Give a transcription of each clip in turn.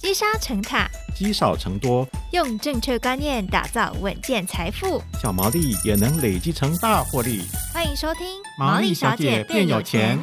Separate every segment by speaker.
Speaker 1: 積沙成塔，
Speaker 2: 積少成多，
Speaker 1: 用正確觀念打造穩健財富。
Speaker 2: 小毛利也能累積成大獲利。
Speaker 1: 歡迎收聽《毛利小姐變有
Speaker 2: 錢》有錢。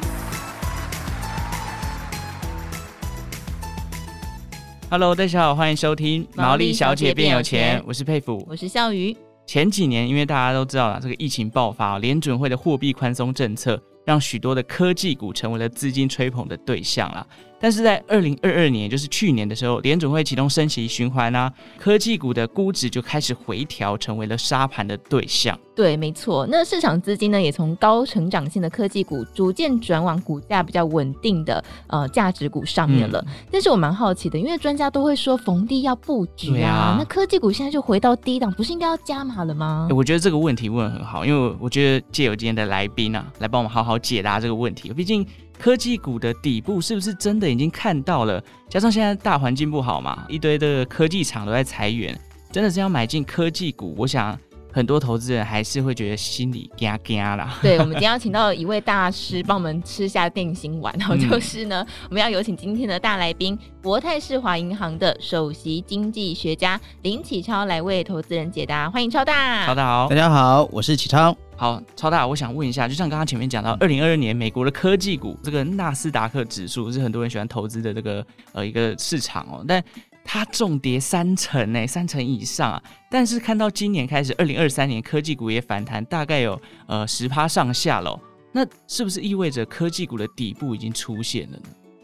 Speaker 2: Hello，大家好，歡迎收聽《毛利小姐變有錢》有錢，我是沛甫，我是孝瑜。前幾年，因為大家都知道了這個疫情爆發，聯準會的貨幣寬鬆政策，讓許多的科技股成為了資金吹捧的對象了但是在二零二二年，就是去年的時候，聯準會啟動升息循環呢、啊，科技股的估值就開始回調，成為了殺盤的對象。
Speaker 1: 對，沒錯。那市場資金呢，也從高成長性的科技股逐漸轉往股價比較穩定的呃價值股上面了。嗯、但是我蠻好奇的，因為專家都會說逢低要布局啊，啊那科技股現在就回到低檔，不是應該要加碼了嗎、欸？我
Speaker 2: 覺得這個問題問得很好，因為我覺得借由今天的來賓啊，來幫我們好好解答這個問題。畢竟。科技股的底部是不是真的已經看到了？加上現在大環境不好嘛，一堆的科技廠都在裁員，真的是要買進科技股？我想很多投資人還是會覺得心裡驚驚啦。對，我
Speaker 1: 們今天要請到一位大師幫我們吃下定心丸， 然後就是呢，我們要有請今天的大來賓——國 泰世華銀行的首席經濟學家林啟超，來為投資人解答。歡迎超大，超
Speaker 2: 大好，大家好，我是啟超。好，超大，我想問一下，就像剛剛前面講到，二零二二年美國的科技股這個納斯達克指數是很多人喜歡投資的這個呃一個市場哦，但它重跌三成哎，三成以上啊。但是看到今年開始，二零二三年科技股也反彈，大概有呃十趴上下嘍、哦。那是不是意味着科技股的底部已經出現了呢？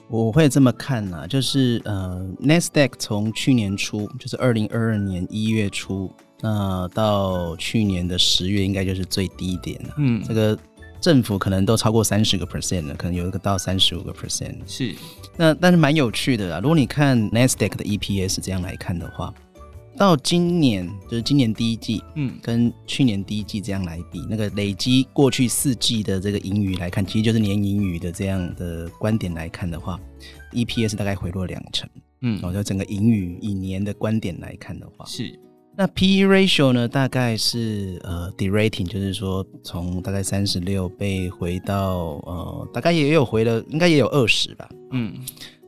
Speaker 3: 我會這麼看啊，就是呃，Nasdaq 從去年初，就是二零二二年一月初。那到去年的十月應該就是最低點了。嗯，這個政府可能都超過三十個 percent 了，可能有一個到三十五個 percent。是，那但是蠻有趣的啦。如果你看 Nasdaq 的 EPS 這樣來看的話，到今年就是今年第一季，嗯，跟去年第一季這樣來比，嗯、那個累積過去四季的這個盈餘來看，其實就是年盈餘的這樣的觀點來看的話，EPS 大概回落兩成。嗯，我覺得整個盈餘以年的觀點來看的話，是。那 P/E ratio 呢？大概是呃，de-rating，就是說，從大概三十六倍回到呃，大概也有回了，應該也有二十吧。嗯，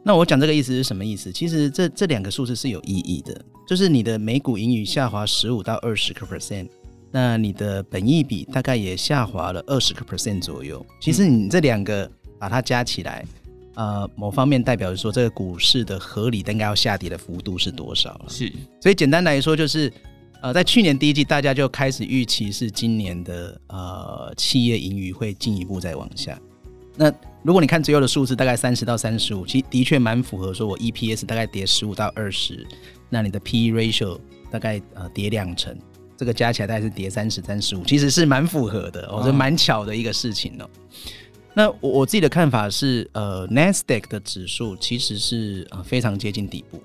Speaker 3: 那我講這個意思是什麼意思？其實這這兩個數字是有意義的，就是你的每股盈餘下滑十五到二十個 percent，那你的本益比大概也下滑了二十個 percent 左右。其實你這兩個把它加起來。嗯嗯呃，某方面代表是說，這個股市的合理但應該要下跌的幅度是多少了？是，所以簡單來說就是，呃，在去年第一季，大家就開始預期是今年的呃企業盈餘會進一步再往下。那如果你看最後的數字，大概三十到三十五，其實的確蠻符合，說我 EPS 大概跌十五到二十，那你的 PE ratio 大概呃跌兩成，這個加起來大概是跌三十、三十五，其實是蠻符合的，我覺得蠻巧的一個事情哦。那我我自己的看法是，呃，NASDAQ 的指數其實是啊、呃、非常接近底部，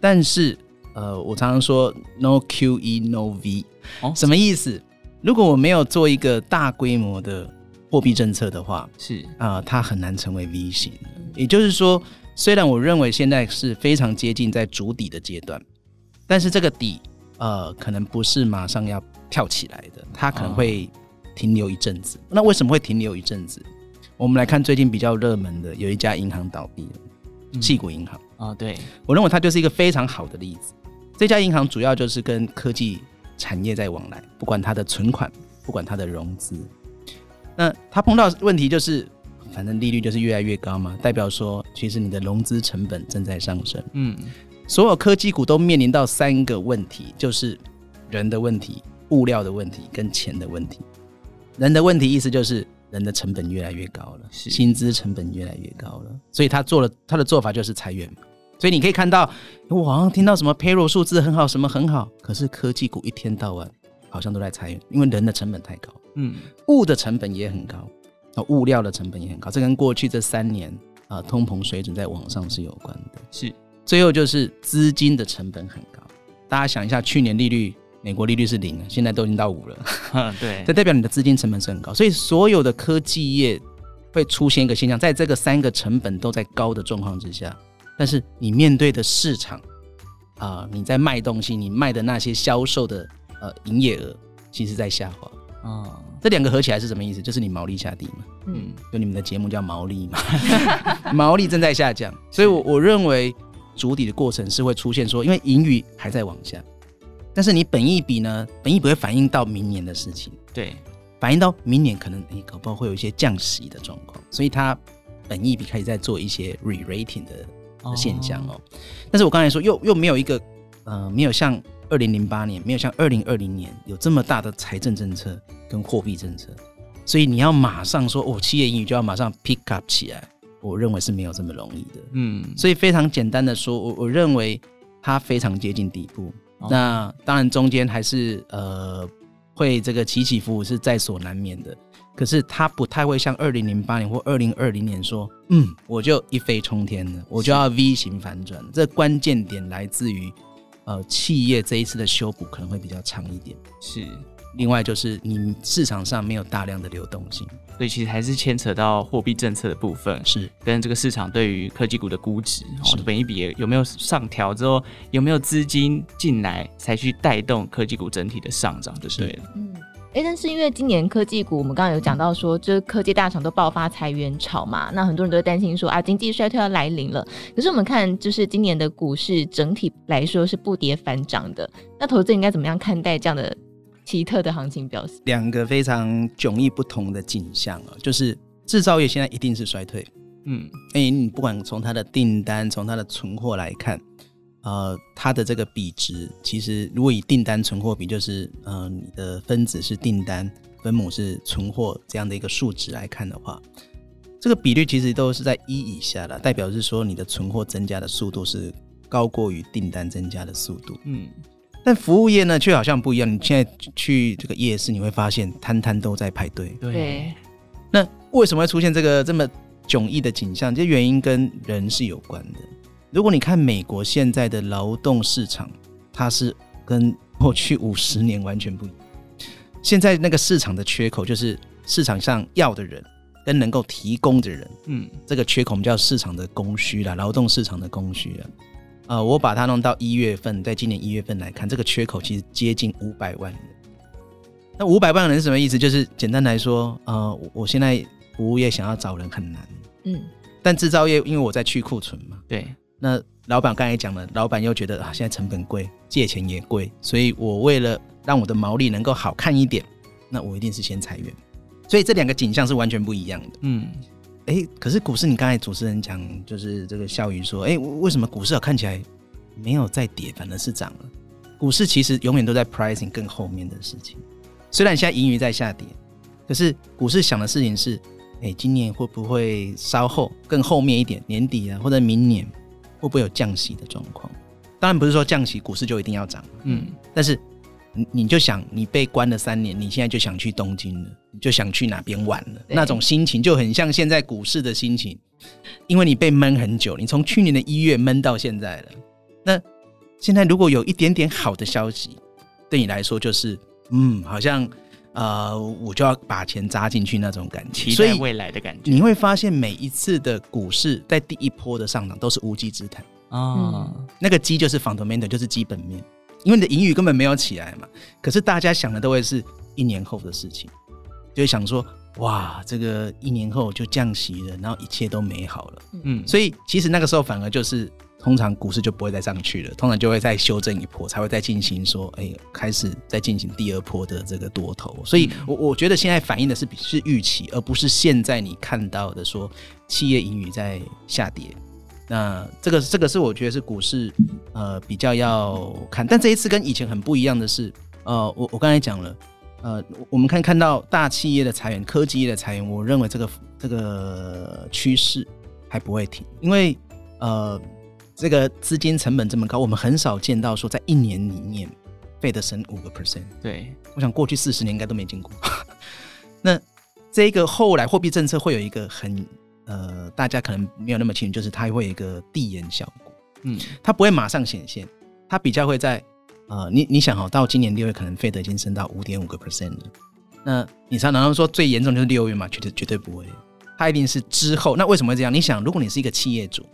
Speaker 3: 但是呃，我常常說 No QE No V，哦，什麼意思？如果我沒有做一個大規模的貨幣政策的話，是啊、呃，它很難成為 V 型。也就是說，雖然我認為現在是非常接近在主底的階段，但是這個底呃可能不是馬上要跳起來的，它可能會停留一陣子。哦、那為什麼會停留一陣子？我們來看最近比較熱門的，有一家銀行倒閉了，矽谷銀行、嗯、啊，對，我認為它就是一個非常好的例子。這家銀行主要就是跟科技產業在往來，不管它的存款，不管它的融資，那它碰到問題就是，反正利率就是越來越高嘛，代表說其實你的融資成本正在上升。嗯，所有科技股都面臨到三個問題，就是人的問題、物料的問題跟錢的問題。人的問題意思就是。人的成本越來越高了，薪資成本越來越高了，是所以他做了他的做法就是裁員。所以你可以看到，我好像聽到什麼 Payroll 數字很好，什麼很好，可是科技股一天到晚好像都在裁員，因為人的成本太高。嗯，物的成本也很高，啊，物料的成本也很高，這跟過去這三年啊通膨水準在網上是有關的。是，最後就是資金的成本很高，大家想一下，去年利率。美國利率是零了，現在都已經到五了、嗯。對，這代表你的資金成本是很高，所以所有的科技業會出現一個現象，在這個三個成本都在高的狀況之下，但是你面對的市場啊、呃，你在賣東西，你賣的那些銷售的呃營業額，其實在下滑。哦，這兩個合起來是什麼意思？就是你毛利下跌嘛。嗯，嗯，就你們的節目叫毛利嘛， 毛利正在下降。 是所以我，我我認為築底的過程是會出現說，因為盈餘還在往下。但是你本益比呢？本益比會反映到明年的事情，對，反映到明年可能你、欸、搞不好會有一些降息的狀況，所以它本益比開始在做一些 re-rating 的現象哦。但是我剛才說又又沒有一個呃，沒有像二零零八年，沒有像二零二零年有這麼大的財政政策跟貨幣政策，所以你要馬上說哦，企業英語就要馬上 pick up 起來，我認為是沒有這麼容易的。嗯，所以非常簡單的說，我我認為它非常接近底部。那 Okay. 當然，中間還是呃會這個起起伏伏是在所難免的。可是它不太會像二零零八年或二零二零年說，嗯，我就一飛衝天了，我就要 V 型反轉。是這關鍵點來自於呃企業這一次的修補可能會比較長一點。是。另外就是你市場上沒有大量的流動性，所以其實還是牽扯到貨幣政
Speaker 2: 策的部分，是跟這個市場對於科技股的估值，哦是，本益比有沒有上調之後，有沒有資金進來才去帶動科技股整體的上漲，就是對嗯，
Speaker 1: 哎、欸，但是因為今年科技股，我們剛剛有講到說，嗯、就是科技大廠都爆發裁員潮嘛，那很多人都擔心說啊，經濟衰退要來臨了。可是我們看，就是今年的股市整體來說是不跌反漲的，那投資人應該怎麼樣看待這樣的？奇特的行情表
Speaker 3: 現，兩個非常迥異不同的景象啊，就是製造業現在一定是衰退。嗯，誒，你不管從它的訂單，從它的存貨來看，呃，它的這個比值，其實如果以訂單存貨比，就是嗯、呃，你的分子是訂單，分母是存貨這樣的一個數值來看的話，這個比率其實都是在一以下的，代表是說你的存貨增加的速度是高過於訂單增加的速度。嗯。但服務業呢，卻好像不一樣。你現在去這個夜市，你會發現攤攤都在排隊。對。那為什麼會出現這個這麼迥異的景象？這原因跟人是有關的。如果你看美國現在的勞動市場，它是跟過去五十年完全不一樣。現在那個市場的缺口，就是市場上要的人跟能夠提供的人，嗯，這個缺口我們叫市場的供需啦，勞動市場的供需啦。呃，我把它弄到一月份，在今年一月份來看，這個缺口其實接近五百萬人。那五百萬人是什麼意思？就是簡單來說，呃，我現在服務業想要找人很難，嗯。但製造業因為我在去庫存嘛，對。那老闆剛才講了，老闆又覺得啊，現在成本貴，借錢也貴，所以我為了讓我的毛利能夠好看一點，那我一定是先裁員。所以這兩個景象是完全不一樣的，嗯。哎、欸，可是股市，你剛才主持人講，就是這個孝瑜說，哎、欸，為什麼股市看起來沒有在跌，反而是漲了？股市其實永遠都在 pricing 更後面的事情。雖然現在盈餘在下跌，可是股市想的事情是，哎、欸，今年會不會稍後更後面一點，年底啊，或者明年會不會有降息的狀況？當然不是說降息，股市就一定要漲。嗯，但是。你你就想你被關了三年，你現在就想去東京了，就想去哪邊玩了，對那種心情就很像現在股市的心情，因為你被悶很久，你從去年的一月悶到現在了。那現在如果有一點點好的消息，對你來說就是嗯，好像呃，我就要把錢砸進去那種感覺，期待未來的感覺。你會發現每一次的股市在第一波的上漲都是無稽之談哦、嗯、那個基就是 fundamental 就是基本面。因為你的盈餘根本沒有起來嘛，可是大家想的都會是一年後的事情，就會想說，哇，這個一年後就降息了，然後一切都美好了，嗯，所以其實那個時候反而就是通常股市就不會再上去了，通常就會再修正一波，才會再進行說，哎、欸，開始再進行第二波的這個多頭。所以我我覺得現在反映的是是預期，而不是現在你看到的說企業盈餘在下跌。那這個這個是我覺得是股市，呃，比較要看。但這一次跟以前很不一樣的是，呃，我我剛才講了，呃，我們看看到大企業的裁員、科技業的裁員，我認為這個這個趨勢還不會停，因為呃，這個資金成本這麼高，我們很少見到說在一年裡面 Fed 升五個 percent。
Speaker 2: 對，
Speaker 3: 我想過去四十年應該都沒見過。 那這個後來貨幣政策會有一個很。呃，大家可能沒有那麼清楚，就是它會有一個遞延效果，嗯，它不會馬上顯現，它比較會在，呃，你你想哈，到今年六月可能費德已經升到五點五個 percent 了，那你常常說最嚴重的就是六月嘛，絕對絕對不會，它一定是之後。那為什麼會這樣？你想，如果你是一個企業主，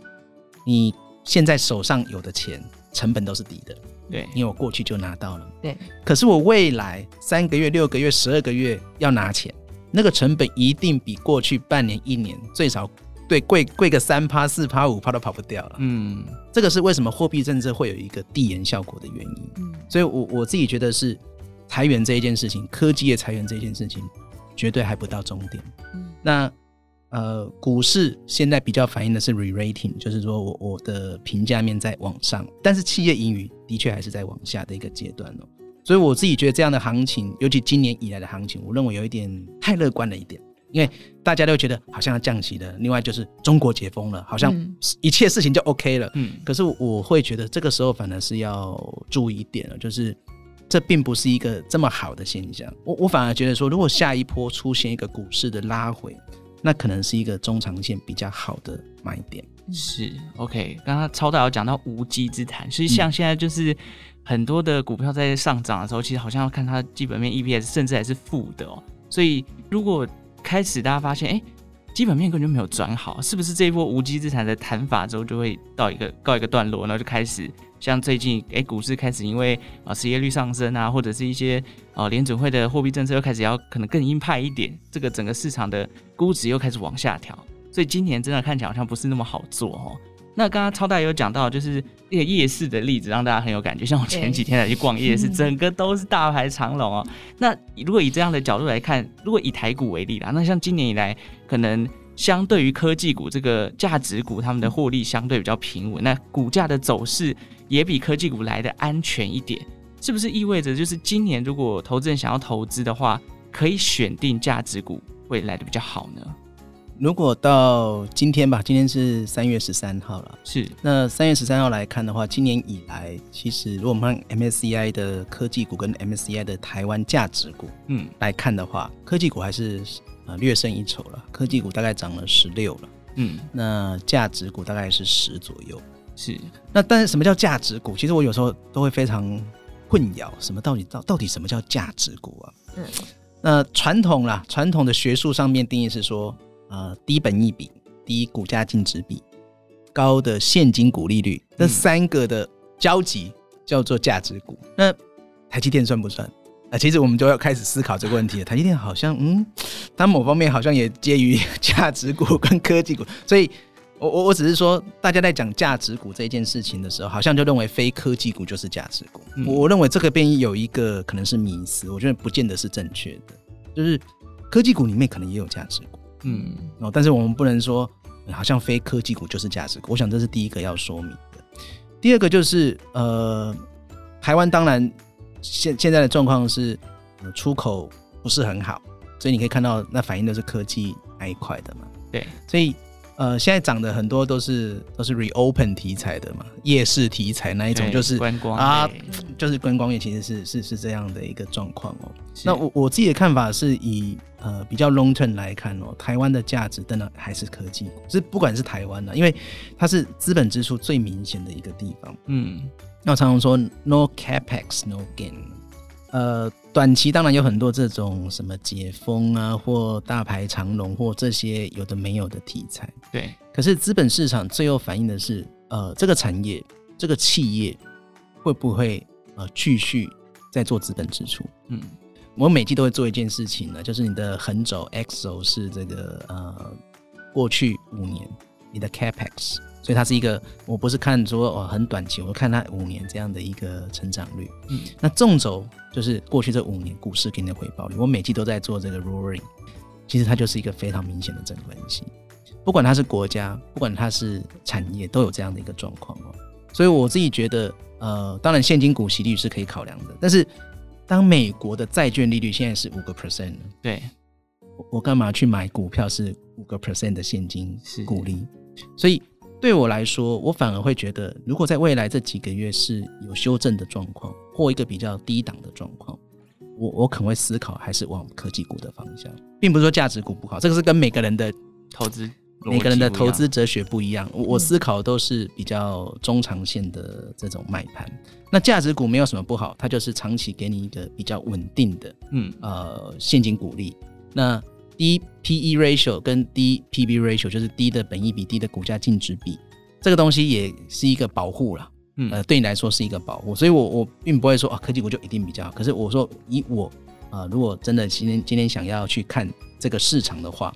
Speaker 3: 你現在手上有的錢成本都是低的，對，因為我過去就拿到了，對，可是我未來三個月、六個月、十二個月要拿錢。那個成本一定比過去半年一年最少對，貴貴個三趴、四趴、五趴都跑不掉了。
Speaker 2: 嗯，
Speaker 3: 這個是為什麼貨幣政策會有一個遞延效果的原因。嗯，所以我，我我自己覺得是裁員這一件事情，科技的裁員這一件事情，絕對還不到終點。嗯，那呃，股市現在比較反映的是 re-rating，就是說我我的評價面在往上，但是企業盈餘的確還是在往下的一個階段哦。所以我自己覺得這樣的行情，尤其今年以來的行情，我認為有一點太樂觀了一點，因為大家都覺得好像要降息了。另外就是中國解封了，好像一切事情就 OK 了。嗯，可是我會覺得這個時候反而是要注意一點了，就是這並不是一個這麼好的現象。我我反而覺得說，如果下一波出現一個股市的拉回。那可能是一個中長線比較好的買點。是，OK。剛剛超大有講到無稽之談，所以
Speaker 2: 像現在就是很多的股票在上漲的時候，嗯、其實好像要看它基本面 EPS，甚至還是負的哦。所以如果開始大家發現，哎、欸。基本面根本就沒有轉好，是不是這一波無稽之談的談法之後就會到一個告一個段落，然後就開始像最近哎、欸、股市開始，因為啊失、哦、業率上升啊，或者是一些哦聯準會的貨幣政策又開始要可能更鷹派一點，這個整個市場的估值又開始往下調，所以今年真的看起來好像不是那麼好做哦。那剛剛超大有講到，就是一個夜市的例子，讓大家很有感覺。像我前幾天才去逛夜市，欸、整個都是大排長龍哦。嗯、那如果以這樣的角度來看，如果以台股為例啦，那像今年以來。可能相對於科技股這個價值股，他們的獲利相對比較平穩，那股價的走勢也比科技股來得安全一點，是不是意味着就是今年如果投資人想要投資的話，可以選定價值股會來得比較好呢？
Speaker 3: 如果到今天吧，今天是三月十三號了，是。那三月十三號來看的話，今年以來其實如果我們看 MSCI 的科技股跟 MSCI 的台灣價值股，嗯，來看的話，嗯，科技股還是。略勝一籌了，科技股大概漲了十六了，嗯，那價值股大概是十左右，是。那但是什麼叫價值股？其實我有時候都會非常混淆，什麼到底到到底什麼叫價值股啊？嗯，那傳統啦，傳統的學術上面定義是說，呃，低本益比、低股價淨值比、高的現金股利率，嗯、這三個的交集叫做價值股。那台積電算不算？啊，其實我們就要開始思考這個問題了。台積電好像，嗯，它某方面好像也介於價值股跟科技股。所以我，我我我只是說，大家在講價值股這件事情的時候，好像就認為非科技股就是價值股。嗯、我認為這個變異有一個可能是迷思，我覺得不見得是正確的。就是科技股裡面可能也有價值股，嗯，哦，但是我們不能說好像非科技股就是價值股。我想這是第一個要說明的。第二個就是，呃，台灣當然。現現在的狀況是，出口不是很好，所以你可以看到，那反映的是科技那一塊的嘛。對，所以。呃，現在漲的很多都是都是 reopen 題材的嘛，夜市題材那一種就是觀光啊，對對對，就是觀光業其實是是是這樣的一個狀況哦。是那我我自己的看法是以呃比較 long term 來看哦，台灣的價值真的還是科技，就是不管是台灣呢，啊，因為它是資本支出最明顯的一個地方。嗯，那我常常說 no capex, no gain。呃，短期當然有很多這種什麼解封啊，或大排長龍，或這些有的沒有的題材。對，可是資本市場最後反映的是，呃，這個產業、這個企業會不會呃繼續在做資本支出？嗯，我每季都會做一件事情呢，就是你的橫軸、X 軸是這個呃過去五年你的 Capex。所以它是一個，我不是看說哦很短期，我看它五年這樣的一個成長率。嗯，那縱軸就是過去這五年股市給你的回報率。我每季都在做這個 rolling，其實它就是一個非常明顯的正關係。不管它是國家，不管它是產業，都有這樣的一個狀況哦。所以我自己覺得，呃，當然現金股息率是可以考量的，但是當美國的債券利率現在是五個 percent 了，對，我幹嘛去買股票是五個 percent 的現金股利？是的，所以。對我來說，我反而會覺得，如果在未來這幾個月是有修正的狀況，或一個比較低檔的狀況，我我可能會思考還是往科技股的方向，並不是說價值股不好，這個是跟每個人的投資，每個人的投資哲學不一樣。嗯、我思考都是比較中長線的這種買盤。那價值股沒有什麼不好，它就是長期給你一個比較穩定的，嗯，呃，現金股利。那低 P/E ratio 跟低 P/B ratio 就是低的本益比，低的股價淨值比，這個東西也是一個保護啦，嗯、呃，對你來說是一個保護，所以我我並不會說啊，科技股就一定比較好，可是我說以我啊、呃，如果真的今天今天想要去看這個市場的話，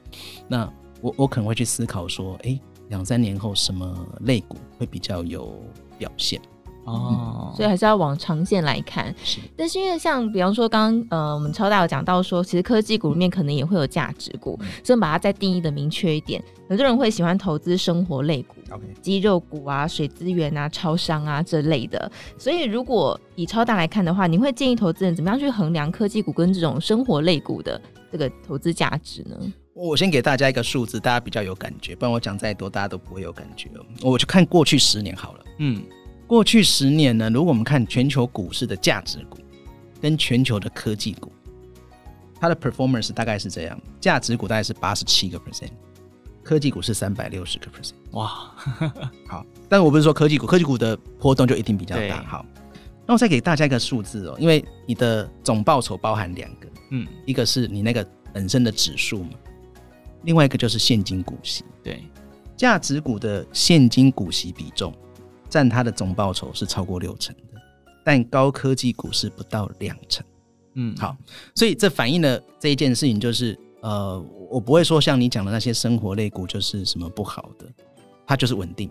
Speaker 3: 那我我可能會去思考說，哎、欸，兩三年後什麼類股會比較有表現。嗯、哦，
Speaker 1: 所以還是要往長線來看。是，但是因為像比方說剛剛，剛剛呃，我們超大有講到說，其實科技股裡面可能也會有價值股，嗯、所以把它再定義的明確一點。很多人會喜歡投資生活類股、Okay 肌肉股啊、水資源啊、超商啊這類的。所以，如果以超大來看的話，你會建議投資人怎麼樣去衡量科技股跟這種生活
Speaker 3: 類股的這個投資價值呢？我先給大家一個數字，大家比較有感覺，不然我講再多，大家都不會有感覺。我就看過去十年好了，嗯。過去十年呢，如果我們看全球股市的價值股跟全球的科技股，它的 performance 大概是這樣：價值股大概是八十七個 percent，科技股是三百六十個 percent。哇， 好！但我不是說科技股，科技股的波動就一定比較大。對好，那我再給大家一個數字哦，因為你的總報酬包含兩個，嗯，一個是你那個本身的指數嘛，另外一個就是現金股息。對，價值股的現金股息比重。佔它的總報酬是超過六成的，但高科技股是不到兩成。嗯，好，所以這反映了這一件事情，就是呃，我不會說像你講的那些生活類股就是什麼不好的，它就是穩定。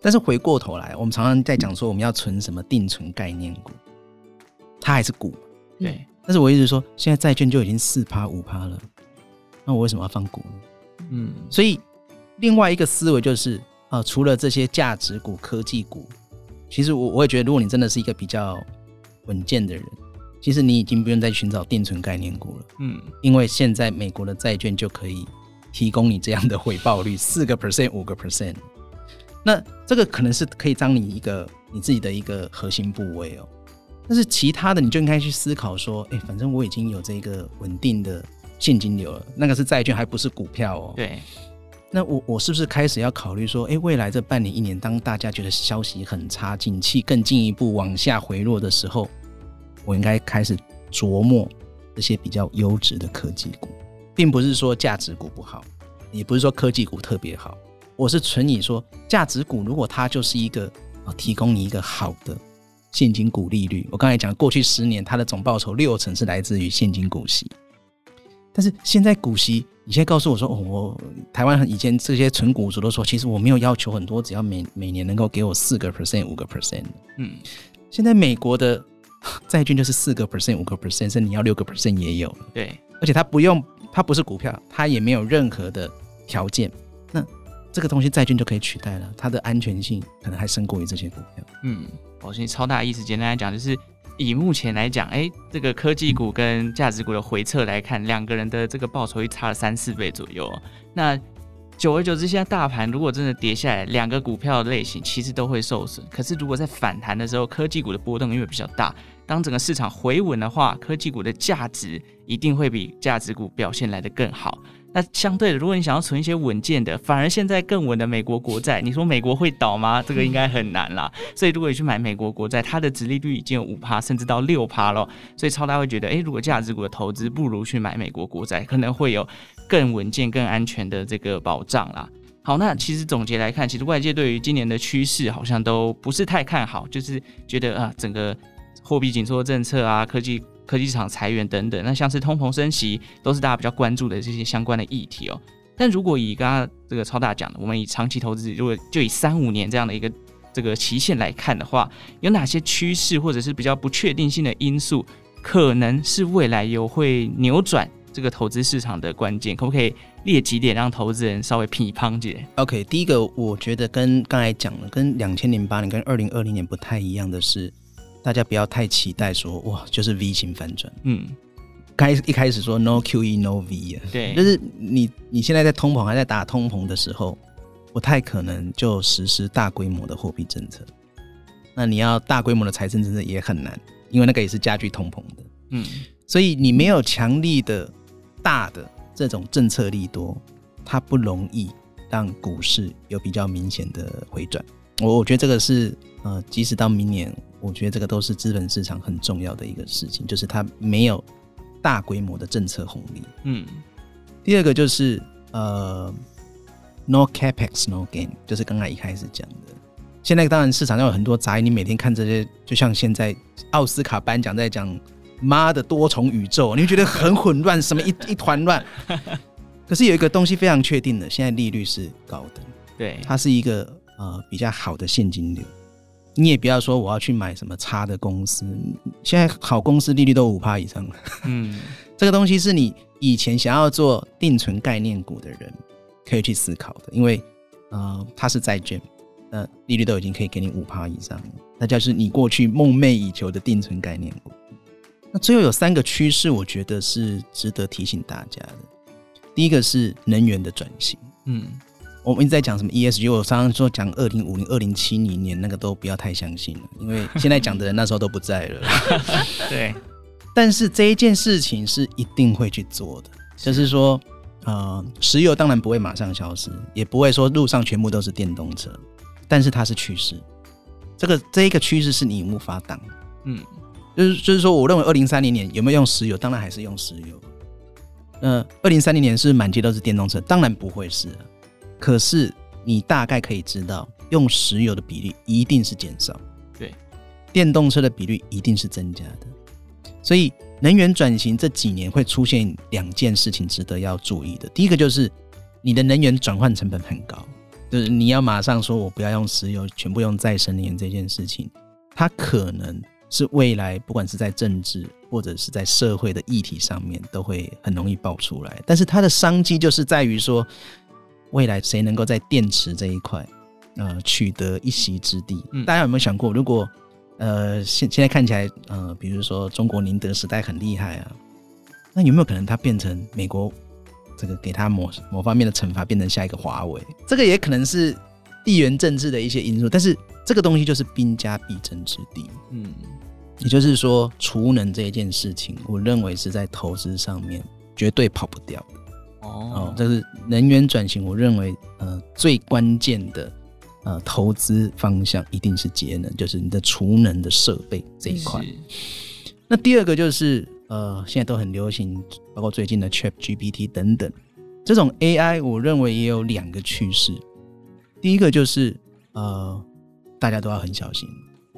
Speaker 3: 但是回過頭來，我們常常在講說我們要存什麼定存概念股，它還是股，
Speaker 2: 對。
Speaker 3: 但是我一直說，現在債券就已經四趴五趴了，那我為什麼要放股呢？嗯，所以另外一個思維就是。呃，除了這些價值股、科技股，其實我我也覺得，如果你真的是一個比較穩健的人，其實你已經不用再尋找定存概念股了。嗯，因為現在美國的債券就可以提供你這樣的回報率，四個 percent、五個 percent，那這個可能是可以當你一個你自己的一個核心部位哦。但是其他的，你就應該去思考說，哎，反正我已經有這個穩定的現金流了，那個是債券，還不是股票哦。對。那我我是不是開始要考慮說，誒、欸，未來這半年一年，當大家覺得消息很差，景氣更進一步往下回落的時候，我應該開始琢磨這些比較優質的科技股。並不是說價值股不好，也不是說科技股特別好。我是存你說，價值股如果它就是一個呃，提供你一個好的現金股利率，我剛才講過去十年它的總報酬六成是來自於現金股息。但是現在股息，你現在告訴我說，哦，我台灣以前這些存股族都說，其實我沒有要求很多，只要每每年能夠給我四個 percent、五個 percent。嗯，現在美國的債券就是四個 percent、五個 percent，甚至你要六個 percent 也有。對，而且它不用，它不是股票，它也沒有任何的條件。那這個東西債券就可以取代了，它的安全性可能還勝過於這些股票。嗯，
Speaker 2: 哦，其實超大的意思，簡單來講就是。以目前來講，哎、欸，這個科技股跟價值股的回撤來看，兩個人的這個報酬率差了三四倍左右。那久而久之，現在大盤如果真的跌下來，兩個股票的類型其實都會受損。可是，如果在反彈的時候，科技股的波動因為比較大，當整個市場回穩的話，科技股的價值一定會比價值股表現來得更好。那相對的，如果你想要存一些穩健的，反而現在更穩的美國國債，你說美國會倒嗎？這個應該很難啦。所以如果你去買美國國債，它的殖利率已經有五趴，甚至到六趴咯。所以超大會覺得，誒、欸，如果價值股的投資不如去買美國國債，可能會有更穩健、更安全的這個保障啦。好，那其實總結來看，其實外界對於今年的趨勢好像都不是太看好，就是覺得啊、呃，整個貨幣緊縮政策啊，科技。科技市場裁員等等，那像是通膨升息都是大家比較關注的這些相關的議題哦、喔。但如果以剛剛這個超大講的，我們以長期投資，如果就以三五年這樣的一個這個期限來看的話，有哪些趨勢或者是比較不確定性的因素，可能是未來有會扭轉這個投資市場的關鍵？可不可以列幾點讓投資人稍微
Speaker 3: 評一旁解？OK，第一個我覺得跟剛才講的，跟兩千零八年跟二零二零年不太一樣的是。大家不要太期待說，哇，就是 V 型反轉。嗯，開一開始說 no Q E no V 啊，對，就是你你現在在通膨還在打通膨的時候，不太可能就實施大規模的貨幣政策。那你要大規模的財政政策也很難，因為那個也是加劇通膨的。嗯，所以你沒有強力的大的這種政策力多，它不容易讓股市有比較明顯的回轉。我我覺得這個是呃，即使到明年。我覺得這個都是資本市場很重要的一個事情，就是它沒有大規模的政策紅利。嗯，第二個就是呃，no capex, no gain，就是剛剛一開始講的。現在當然市場上有很多雜音，你每天看這些，就像現在奧斯卡頒獎在講媽的多重宇宙，你會覺得很混亂， 什麼一一團亂。 可是有一個東西非常確定的，現在利率是高的，對，它是一個呃比較好的現金流。你也不要說我要去買什麼差的公司，現在好公司利率都五趴以上了。嗯， 這個東西是你以前想要做定存概念股的人可以去思考的，因為呃，它是債券，那利率都已經可以給你五趴以上了，那就是你過去夢寐以求的定存概念股。那最後有三個趨勢，我覺得是值得提醒大家的。第一個是能源的轉型，嗯。我們一直在講什麼 ESG，我常常說，講二零五零、二零七零年那個都不要太相信了，因為現在講的人那時候都不在了。 對，但是這一件事情是一定會去做的，是就是說，呃，石油當然不會馬上消失，也不會說路上全部都是電動車，但是它是趨勢。這個，這一個趨勢是你無法擋。嗯，
Speaker 2: 就
Speaker 3: 是就是說，我認為二零三零年有沒有用石油？當然還是用石油。那二零三零年是不是滿街都是電動車？當然不會是。可是你大概可以知道，用石油的比例一定是減少，對，電動車的比率一定是增加的。所以能源轉型這幾年會出現兩件事情值得要注意的。第一個就是你的能源轉換成本很高，就是你要馬上說“我不要用石油，全部用再生能源”這件事情，它可能是未來不管是在政治或者是在社會的議題上面都會很容易爆出來。但是它的商機就是在於說，未來誰能夠在電池這一塊，呃，取得一席之地？嗯。大家有沒有想過，如果呃現現在看起來，呃，比如說中國寧德時代很厲害啊，那有沒有可能它變成美國這個給它某某方面的懲罰，變成下一個華為？這個也可能是地緣政治的一些因素，但是這個東西就是兵家必爭之地。嗯，也就是說，儲能這一件事情，我認為是在投資上面絕對跑不掉。哦，這是能源轉型，我認為呃最關鍵的呃投資方向一定是節能，就是你的儲能的設備這一塊。是是，那第二個就是呃現在都很流行，包括最近的 ChatGPT 等等這種 AI，我認為也有兩個趨勢。第一個就是呃大家都要很小心，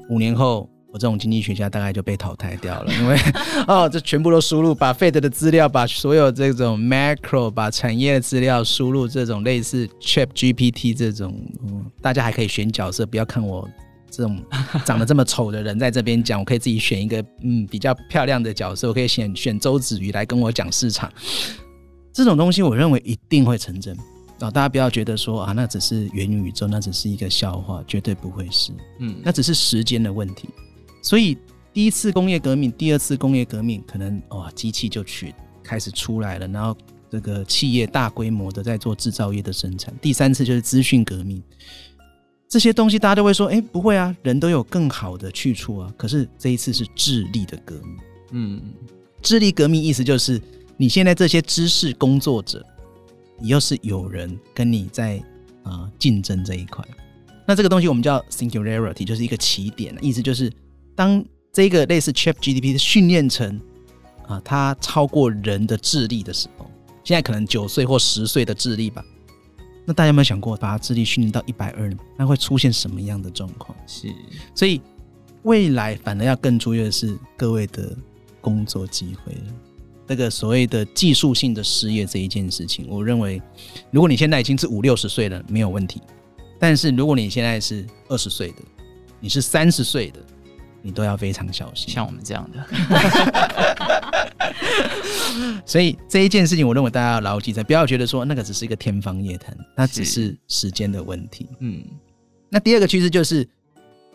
Speaker 3: 五年後。我這種經濟學家大概就被淘汰掉了，因為哦，這全部都輸入把 Fed 的資料，把所有這種 macro，把產業的資料輸入這種類似 Chat GPT 這種，嗯，大家還可以選角色，不要看我這種長得這麼醜的人在這邊講，我可以自己選一個嗯比較漂亮的角色，我可以選選周子瑜來跟我講市場，這種東西我認為一定會成真啊！哦，大家不要覺得說啊，那只是元宇宙，那只是一個笑話，絕對不會是，嗯，那只是時間的問題。所以第一次工業革命、第二次工業革命，可能哇、哦，機器就去開始出來了，然後這個企業大規模的在做製造業的生產。第三次就是資訊革命，這些東西大家都會說，哎，不會啊，人都有更好的去處啊。可是這一次是智力的革命，嗯，智力革命意思就是你現在這些知識工作者，你又是有人跟你在啊、呃、競爭，這一塊。那這個東西我們叫 Singularity，就是一個起點，意思就是。當這個類似 ChatGPT 的訓練成啊，它超過人的智力的時候，現在可能九歲或十歲的智力吧，那大家有沒有想過，把它智力訓練到一百二呢？那會出現什麼樣的狀況？是，所以未來反而要更注意的是各位的工作機會了。這個所謂的技術性的失業這一件事情，我認為，如果你現在已經是五六十歲了，沒有問題；但是如果你現在是二十歲的，你是三十歲的。你都要非常小心，像我們這樣的， 所以這一件事情，我認為大家要牢記在，不要覺得說那個只是一個天方夜譚，那只是時間的問題。嗯，那第二個趨勢就是，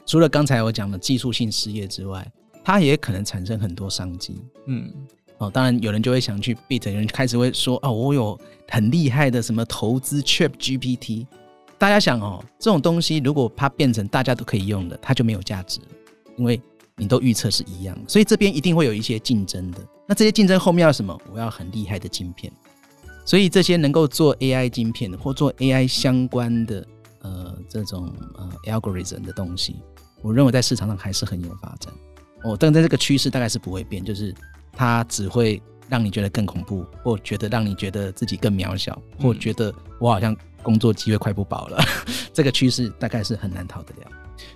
Speaker 3: 除了剛才我講的技術性失業之外，它也可能產生很多商機。嗯，哦，當然有人就會想去 b e t，有人開始會說，哦，我有很厲害的什麼投資 ChatGPT，大家想哦，這種東西如果它變成大家都可以用的，它就沒有價值了。因為你都預測是一樣，所以這邊一定會有一些競爭的。那這些競爭後面要什麼？我要很厲害的晶片。所以這些能夠做 AI 晶片的或做 AI 相關的呃這種呃 algorithm 的東西，我認為在市場上還是很有發展。哦，但在這個趨勢大概是不會變，就是它只會讓你覺得更恐怖，或覺得讓你覺得自己更渺小，或覺得我好像工作機會快不保了。 這個趨勢大概是很難逃得了。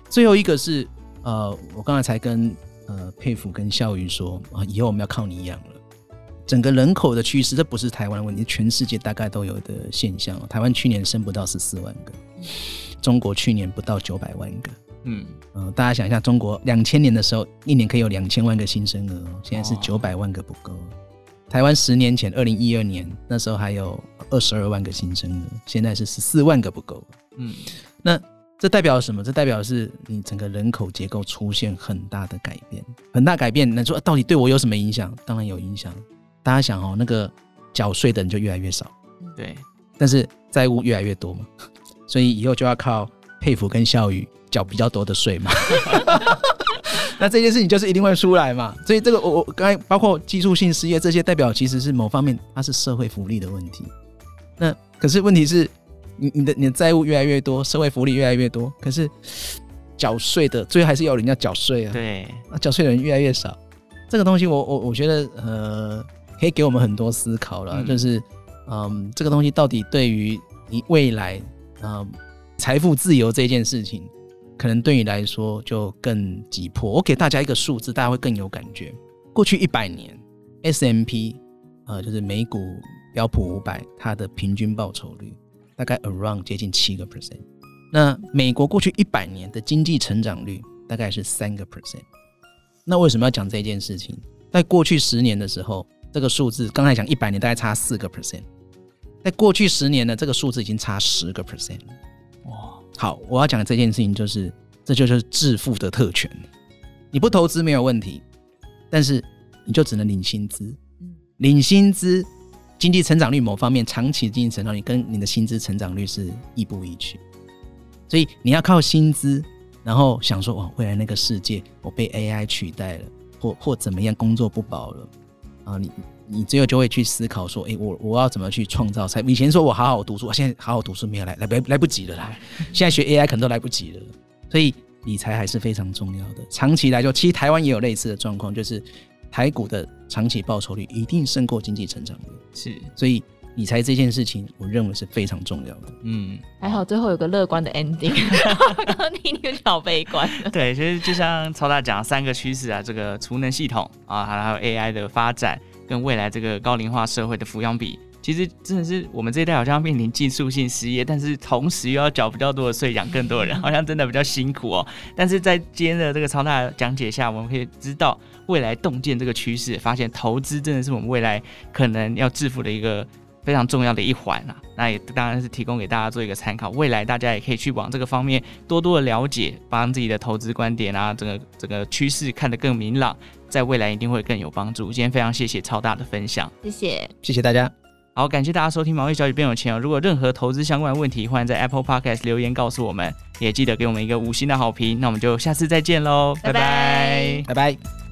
Speaker 3: 最後一個是。呃，我剛才才跟呃沛甫跟孝瑜說啊，以後我們要靠你養了。整個人口的趨勢，這不是台灣問題，全世界大概都有的現象。台灣去年生不到十四萬個，中國去年不到九百萬個。嗯嗯、呃，大家想一下，中國兩千年的時候，一年可以有兩千萬個新生兒，現在是九百萬個不夠。哦、台灣十年前，二零一二年那時候還有二十二萬個新生兒，現在是十四萬個不夠。嗯，那。這代表什麼？這代表是你整個人口結構出現很大的改變，很大改變。那說到底對我有什麼影響？當然有影響。大家想哦，那個繳稅的人就越來越少，
Speaker 2: 對。
Speaker 3: 但是債務越來越多嘛，所以以後就要靠沛甫跟孝瑜繳比較多的稅嘛。 那這件事情就是一定會出來嘛。所以這個我剛才包括技術性失業這些，代表其實是某方面它是社會福利的問題。那可是問題是。你你的你的債務越來越多，社會福利越來越多，可是繳稅的最後還是要人家繳稅啊。對，那繳稅的人越來越少，這個東西我我我覺得呃，可以給我們很多思考了。嗯、就是嗯、呃，這個東西到底對於你未來嗯呃、財富自由這件事情，可能對你來說就更急迫。我給大家一個數字，大家會更有感覺。過去一百年，S&P 呃，就是美股標普五百，它的平均報酬率，大概 around 接近七個 percent，那美國過去一百年的經濟成長率大概是三個 percent，那為什麼要講這件事情？在過去十年的時候，這個數字剛才講一百年大概差四個 percent，在過去十年呢，這個數字已經差十個 percent，哇！好，我要講這件事情就是，這就就是致富的特權，你不投資沒有問題，但是你就只能領薪資，領薪資。經濟成長率，某方面長期的經濟成長率跟你的薪資成長率是亦步亦趨，所以你要靠薪資，然後想說，哇，未來那個世界我被 AI 取代了，或或怎麼樣，工作不保了啊？你你最後就會去思考說，哎、欸，我我要怎麼去創造財富？以前說我好好讀書，我現在好好讀書沒有來來來不及了，來，現在學 AI 可能都來不及了，所以理財還是非常重要的。長期來說，其實台灣也有類似的狀況，就是。台股的長期報酬率一定勝過經濟成長率，是，所以理財這件事情，我認為是非常重要的。嗯，
Speaker 1: 還好最後有個樂觀的 ending，、
Speaker 3: 啊、 剛剛你有點好悲觀。對，其、就、實、是、
Speaker 2: 就像超大講三個趨勢啊，這個儲能系統啊，還有 AI 的發展，跟未來這個高齡化社會的撫養比。其實真的是我們這一代好像要面臨技術性失業，但是同時又要繳比較多的稅，養更多人，好像真的比較辛苦哦。但是在今天的這個超大的講解下，我們可以知道未來洞見這個趨勢，發現投資真的是我們未來可能要致富的一個非常重要的一環啊。那也當然是提供給大家做一個參考，未來大家也可以去往這個方面多多的了解，把自己的投資觀點啊，整個整個趨勢看得更明朗，在未來一定會更有幫助。今天非常謝謝超大的分享，
Speaker 1: 謝謝，
Speaker 2: 謝謝大家。好，感謝大家收聽《毛利小姐變有錢》哦。如果任何投資相關的問題，歡迎在 Apple Podcast 留言告訴我們，也記得給我們一個五星的好評。那我們就下次再見嘍，拜拜，拜拜。拜拜。